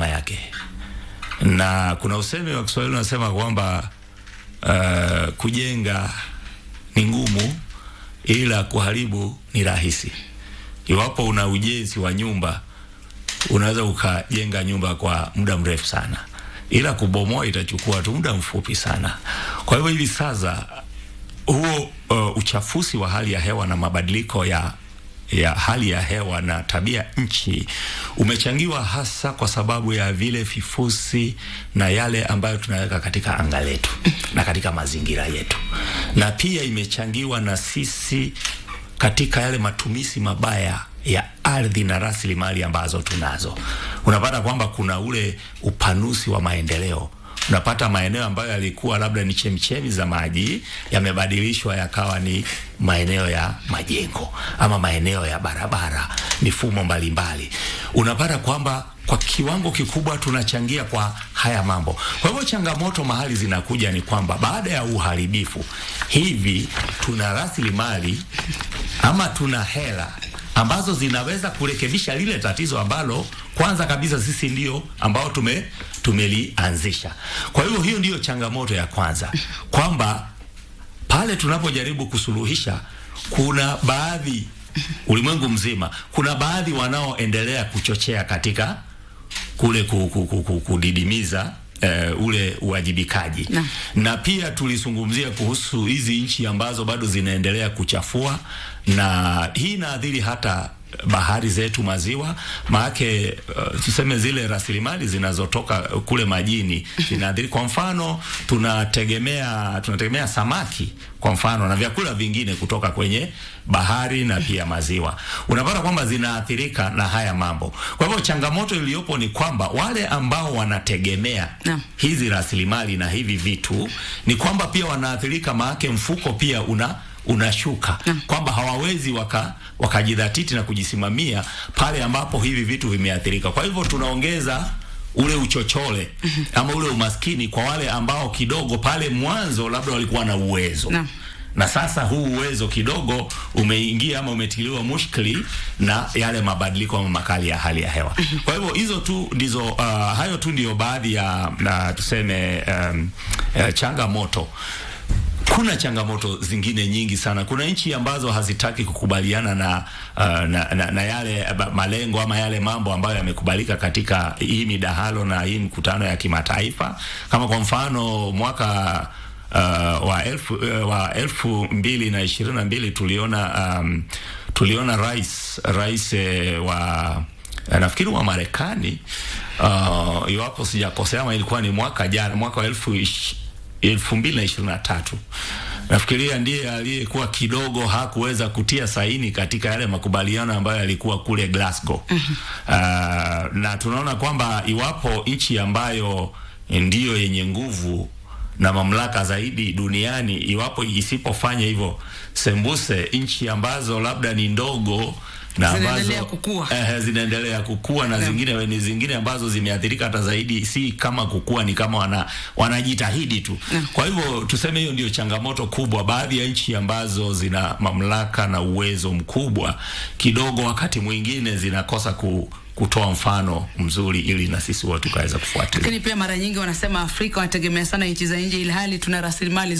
alama yake, na kuna usemi wa Kiswahili unasema kwamba uh, kujenga ni ngumu ila kuharibu ni rahisi. Iwapo una ujenzi wa nyumba, unaweza ukajenga nyumba kwa muda mrefu sana, ila kubomoa itachukua tu muda mfupi sana. Kwa hivyo hivi sasa huo uh, eh, uchafuzi wa hali ya hewa na mabadiliko ya ya hali ya hewa na tabia nchi umechangiwa hasa kwa sababu ya vile vifusi na yale ambayo tunaweka katika anga letu na katika mazingira yetu, na pia imechangiwa na sisi katika yale matumizi mabaya ya ardhi na rasilimali ambazo tunazo. Unapata kwamba kuna ule upanuzi wa maendeleo unapata maeneo ambayo yalikuwa labda ni chemchemi za maji yamebadilishwa yakawa ni maeneo ya majengo ama maeneo ya barabara, mifumo mbalimbali. Unapata kwamba kwa kiwango kikubwa tunachangia kwa haya mambo. Kwa hivyo changamoto mahali zinakuja ni kwamba baada ya uharibifu hivi, tuna rasilimali ama tuna hela ambazo zinaweza kurekebisha lile tatizo ambalo kwanza kabisa sisi ndio ambao tume tumelianzisha. Kwa hivyo hiyo ndiyo changamoto ya kwanza, kwamba pale tunapojaribu kusuluhisha, kuna baadhi ulimwengu mzima, kuna baadhi wanaoendelea kuchochea katika kule kudidimiza uh, ule uwajibikaji na, na pia tulizungumzia kuhusu hizi nchi ambazo bado zinaendelea kuchafua, na hii inaathiri hata bahari zetu, maziwa maake, uh, tuseme zile rasilimali zinazotoka kule majini zinaathiri. Kwa mfano tunategemea tunategemea samaki kwa mfano na vyakula vingine kutoka kwenye bahari na pia maziwa, unapata kwamba zinaathirika na haya mambo. Kwa hivyo changamoto iliyopo ni kwamba wale ambao wanategemea na hizi rasilimali na hivi vitu ni kwamba pia wanaathirika, maake mfuko pia una unashuka kwamba hawawezi wakajidhatiti waka na kujisimamia pale ambapo hivi vitu vimeathirika. Kwa hivyo tunaongeza ule uchochole mhm. ama ule umaskini kwa wale ambao kidogo pale mwanzo labda walikuwa na uwezo na, na sasa huu uwezo kidogo umeingia ama umetiliwa mushkili na yale mabadiliko ama makali ya hali ya hewa mhm. Kwa hivyo hizo tu ndizo uh, hayo tu ndio baadhi ya na tuseme um, uh, changamoto kuna changamoto zingine nyingi sana. Kuna nchi ambazo hazitaki kukubaliana na, uh, na, na, na yale eh, malengo ama yale mambo ambayo yamekubalika katika hii midahalo na hii mkutano ya kimataifa, kama kwa mfano mwaka uh, wa elfu, uh, wa elfu mbili na ishirini na mbili tuliona um, tuliona rais rais eh, wa eh, nafikiri wa Marekani uh, iwapo sijakosea ama ilikuwa ni mwaka jana mwaka wa elfu elfu mbili na ishirini na tatu nafikiria ndiye aliyekuwa kidogo hakuweza kutia saini katika yale makubaliano ambayo yalikuwa kule Glasgow. mm -hmm. Uh, na tunaona kwamba iwapo nchi ambayo ndiyo yenye nguvu na mamlaka zaidi duniani, iwapo isipofanya hivyo sembuse nchi ambazo labda ni ndogo na zinaendelea kukua. zinaendelea kukua na Zingine ni zingine ambazo zimeathirika hata zaidi, si kama kukua, ni kama wana wanajitahidi tu na. Kwa hivyo tuseme hiyo ndio changamoto kubwa. Baadhi ya nchi ambazo zina mamlaka na uwezo mkubwa kidogo, wakati mwingine zinakosa ku kutoa mfano mzuri ili na sisi watu kaweza kufuatilia. Lakini pia mara nyingi wanasema Afrika wanategemea sana nchi za nje, ili hali tuna rasilimali